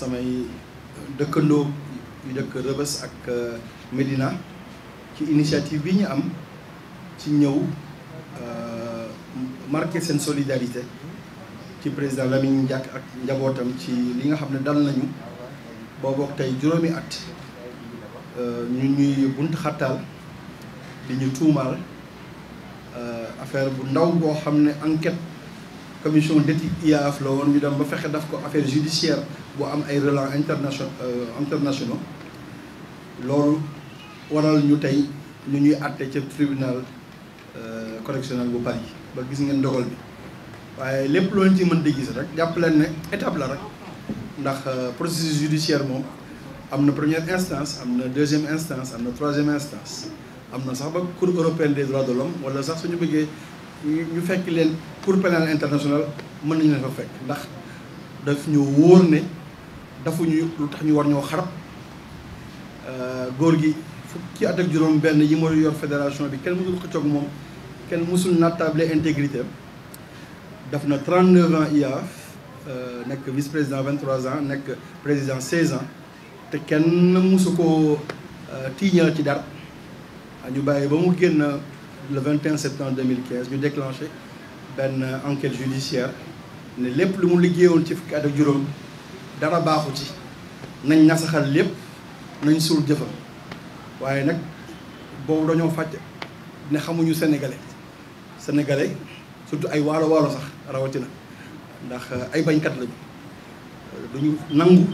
samay dëkkandoo yu dëkk Rëbës ak euh, Medina ci initiative bi ñu am ci ñëw euh, marqué seen solidarité ci président Lamine Diack ak njabootam ci li nga xam ne dal nañu boobook tey juróomi at euh, ñu ñuy bunt xattaal di ñu tuumaal affaire bu ndaw boo xam ne enquête commission d'éthique IAAF la woon ñu dem ba fexe daf ko affaire judiciaire bu am ay relents internation euh, internationaux loolu waral ñu tey ñu ñuy àtte ca tribunal euh, correctionnel bu Paris ba gis ngeen dogal bi waaye lépp loolu ci mën di gis rek jàpp leen ne étape la rek ndax euh, processus judiciaire moom am na première instance am na deuxième instance am na troisième instance am na sax ba cour européenne des droits de l'homme wala sax suñu bëggee ñu fekk leen pour pénal international mën nañu leen fa fekk ndax daf ñu wóor ne dafa ñu lu tax ñu war ñoo xarab euh, góor gi fukki at ak juróom benn yi mooy yor fédération bi kenn ko xëccoog moom kenn mësul nattable integrité daf na 39 ans IAAF euh, nekk vice président vingt trois ans nekk président 16 ans te kenn mësu ko euh, tiiñal ci dara ñu bàyyi ba mu génn le 21 septembre 2015 ñu déclenché benn enquête judiciaire ne lépp lu mu liggéeyoon ci fukki at ak juróom dara baaxu ci nañ nasaxal lépp nañ suul jëfam waaye nag boobu dañoo fàcc ne xamuñu sénégalais sénégalais surtout ay waalo waalo sax rawatina ndax euh, ay bañkat lañu euh, duñu nangu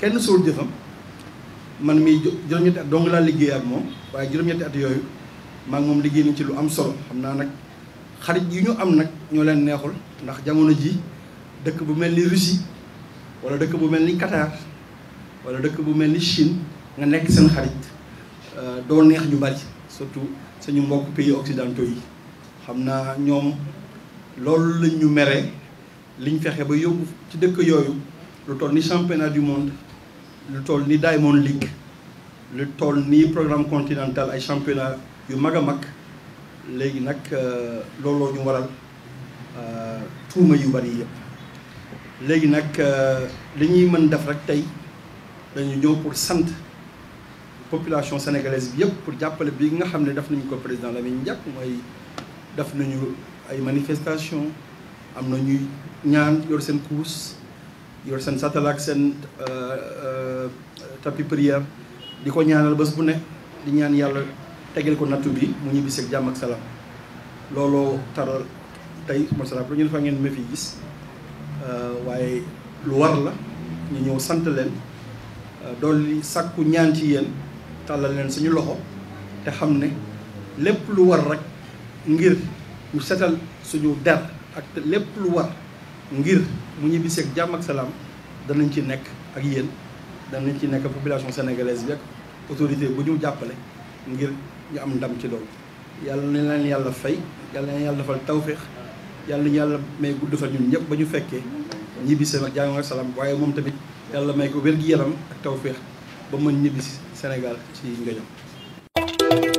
kenn suul jëfam man mii juróom-ñetti at dong laa liggéey ak moom waaye juróom-ñetti at yooyu. maa moom liggéey nañ ci lu am solo xam naa nag xarit yi ñu am nag ñoo leen neexul ndax jamono ji dëkk bu mel ni Russie wala dëkk bu mel ni Qatar wala dëkk bu mel ni Chine nga nekk seen xarit euh, doo neex ñu bari surtout suñu mbokk pays occidentaux yi xam naa ñoom loolu lañ ñu meree liñ fexe ba yóbbu ci dëkk yooyu lu toll ni championnat du monde lu toll ni Diamond League lu toll ni programme continental ay championnat yu mag a mag léegi nag euh, looloo ñu waral euh, tuuma yu bari yëpp léegi nag euh, li ñuy mën def rek tey dañu ñëw pour sant population sénégalaise bi yëpp pour jàppale bi nga xam ne def nañu ko président Lamine Diack mooy def nañu ay manifestation am na ñuy ñaan yor seen course yor seen satalaak seen tapis prière di ko ñaanal bés bu ne di ñaan yàlla tegal ko nattu bi mu ñibbisi ak jàmm ak salaam looloo taral tey masalaam lu ñu defa ngeen ma fi gis euh, waaye lu war la ñu ñëw sant leen euh, dool li sàkku ñaan ci yéen tàllal leen suñu loxo te xam ne lépp lu war rek ngir mu setal suñu der ak lépp lu war ngir mu ñibbisi ak jàmm ak salaam danañ ci nekk ak yéen danañ ci nekk population sénégalaise bi ak autorité bu ñu jàppale ngir ñu am ndam ci loolu yàlla na leen yàlla fay yàlla na leen yàlla defal tawféex yàlla na yàlla may gudd fa ñun ñëpp ba ñu fekkee ñibbisi nag jaamu ak waaye moom tamit yàlla may ko wér-gi-yaram ak tawféex ba mën ñibbisi Sénégal ci ngëñam